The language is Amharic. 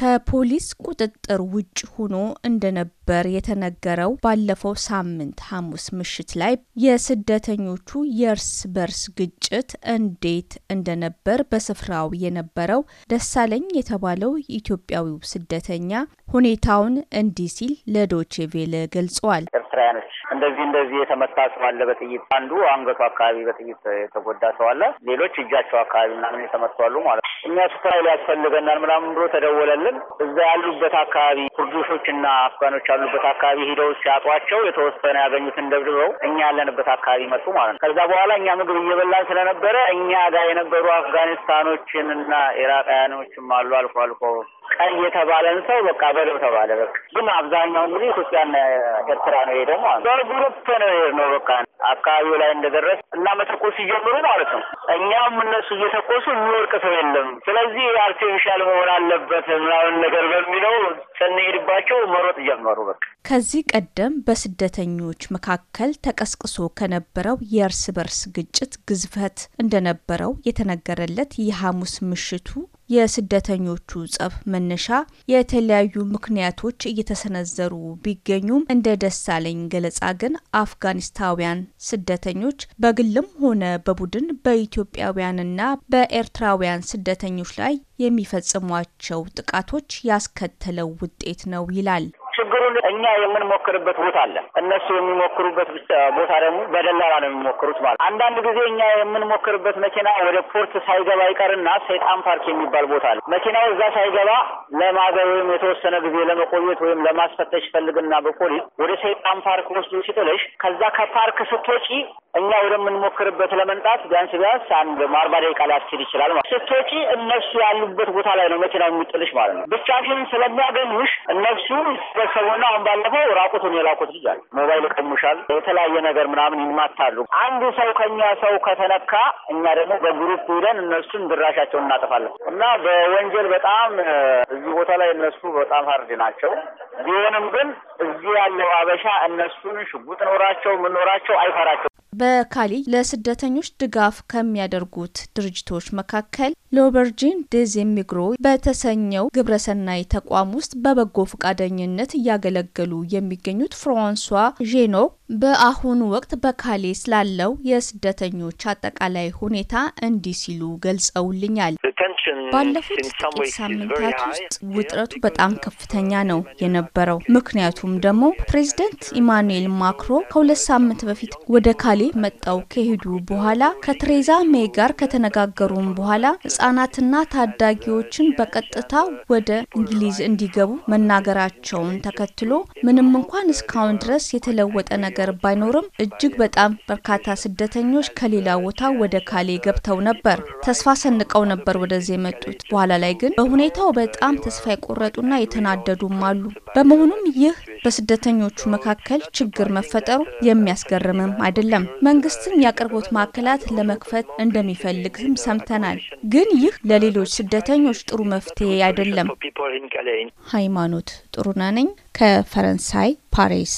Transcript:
ከፖሊስ ቁጥጥር ውጭ ሆኖ እንደነበር የተነገረው ባለፈው ሳምንት ሐሙስ ምሽት ላይ የስደተኞቹ የእርስ በርስ ግጭት እንዴት እንደነበር በስፍራው የነበረው ደሳለኝ የተባለው ኢትዮጵያዊው ስደተኛ ሁኔታውን እንዲህ ሲል ለዶቼ ገልጸዋል። እንደዚህ እንደዚህ የተመታ ሰው አለ በጥይት አንዱ አንገቱ አካባቢ በጥይት የተጎዳ ሰው አለ፣ ሌሎች እጃቸው አካባቢ ምናምን የተመቷሉ ማለት እኛ ስፍራ ያስፈልገናል ምናምን ብሎ ተደወለልን። እዛ ያሉበት አካባቢ ኩርዶሾችና አፍጋኖች ያሉበት አካባቢ ሂደው ሲያጧቸው የተወሰነ ያገኙትን ደብድበው እኛ ያለንበት አካባቢ መጡ ማለት ነው። ከዛ በኋላ እኛ ምግብ እየበላን ስለነበረ እኛ ጋር የነበሩ አፍጋኒስታኖችን እና ኢራቃያኖችም አሉ አልፎ አልፎ ቀን የተባለን ሰው በቃ በለው ተባለ። በቃ ግን አብዛኛው እንግዲህ ኢትዮጵያና ኤርትራ ነው የሄደው ማለት ነው። በግሩፕ ነው የሄድነው በቃ አካባቢው ላይ እንደደረስ እና መተኮስ ሲጀምሩ ማለት ነው። እኛም እነሱ እየተኮሱ የሚወርቅ ሰው የለም። ስለዚህ አርቲፊሻል መሆን አለበት ምናምን ነገር በሚለው ስንሄድባቸው መሮጥ ጀመሩ። በቃ ከዚህ ቀደም በስደተኞች መካከል ተቀስቅሶ ከነበረው የእርስ በርስ ግጭት ግዝፈት እንደነበረው የተነገረለት የሐሙስ ምሽቱ የስደተኞቹ ጸብ መነሻ የተለያዩ ምክንያቶች እየተሰነዘሩ ቢገኙም እንደ ደሳለኝ ገለጻ ግን አፍጋኒስታውያን ስደተኞች በግልም ሆነ በቡድን በኢትዮጵያውያንና በኤርትራውያን ስደተኞች ላይ የሚፈጽሟቸው ጥቃቶች ያስከተለው ውጤት ነው ይላል። ሁሉ እኛ የምንሞክርበት ቦታ አለ። እነሱ የሚሞክሩበት ቦታ ደግሞ በደላላ ነው የሚሞክሩት ማለት። አንዳንድ ጊዜ እኛ የምንሞክርበት መኪና ወደ ፖርት ሳይገባ ይቀርና ሰይጣን ፓርክ የሚባል ቦታ አለ። መኪናው እዛ ሳይገባ ለማገር ወይም የተወሰነ ጊዜ ለመቆየት ወይም ለማስፈተሽ ፈልግና በፖሊስ ወደ ሰይጣን ፓርክ ወስዶ ሲጥልሽ ከዛ ከፓርክ ስትወጪ እኛ ወደምንሞክርበት ለመምጣት ቢያንስ ቢያንስ አንድ አርባ ደቂቃ ሊያስችል ይችላል ማለት ስትወጪ እነሱ ያሉበት ቦታ ላይ ነው መኪናው የሚጥልሽ ማለት ነው። ብቻሽን ስለሚያገኙሽ እነሱ ቤተሰቡን እና አሁን ባለፈው ራቁቱን የላኩት ልጅ አለ። ሞባይል ቀሙሻል፣ የተለያየ ነገር ምናምን ይማታሉ። አንዱ ሰው ከኛ ሰው ከተነካ እኛ ደግሞ በግሩፕ ሄደን እነሱን ድራሻቸውን እናጠፋለን እና በወንጀል በጣም እዚህ ቦታ ላይ እነሱ በጣም ሀርድ ናቸው። ቢሆንም ግን እዚህ ያለው አበሻ እነሱን ሽጉጥ ኖራቸው ምኖራቸው አይፈራቸው በካሊ ለስደተኞች ድጋፍ ከሚያደርጉት ድርጅቶች መካከል ሎበርጂን ዴዝ ሚግሮ በተሰኘው ግብረሰናይ ተቋም ውስጥ በበጎ ፈቃደኝነት እያገለገሉ የሚገኙት ፍራንሷ ዤኖ በአሁኑ ወቅት በካሌ ስላለው የስደተኞች አጠቃላይ ሁኔታ እንዲህ ሲሉ ገልጸውልኛል። ባለፉት ጥቂት ሳምንታት ውስጥ ውጥረቱ በጣም ከፍተኛ ነው የነበረው። ምክንያቱም ደግሞ ፕሬዚደንት ኢማኑኤል ማክሮ ከሁለት ሳምንት በፊት ወደ ካሌ መጣው ከሄዱ በኋላ ከቴሬዛ ሜይ ጋር ከተነጋገሩም በኋላ ህጻናትና ታዳጊዎችን በቀጥታ ወደ እንግሊዝ እንዲገቡ መናገራቸውን ተከትሎ ምንም እንኳን እስካሁን ድረስ የተለወጠ ነገር ባይኖርም እጅግ በጣም በርካታ ስደተኞች ከሌላ ቦታ ወደ ካሌ ገብተው ነበር። ተስፋ ሰንቀው ነበር ወደዚህ የመጡት። በኋላ ላይ ግን በሁኔታው በጣም ተስፋ የቆረጡና የተናደዱም አሉ። በመሆኑም ይህ በስደተኞቹ መካከል ችግር መፈጠሩ የሚያስገርምም አይደለም። መንግስትም የአቅርቦት ማዕከላት ለመክፈት እንደሚፈልግም ሰምተናል። ግን ይህ ለሌሎች ስደተኞች ጥሩ መፍትሄ አይደለም። ሃይማኖት ጥሩነህ ነኝ ከፈረንሳይ ፓሪስ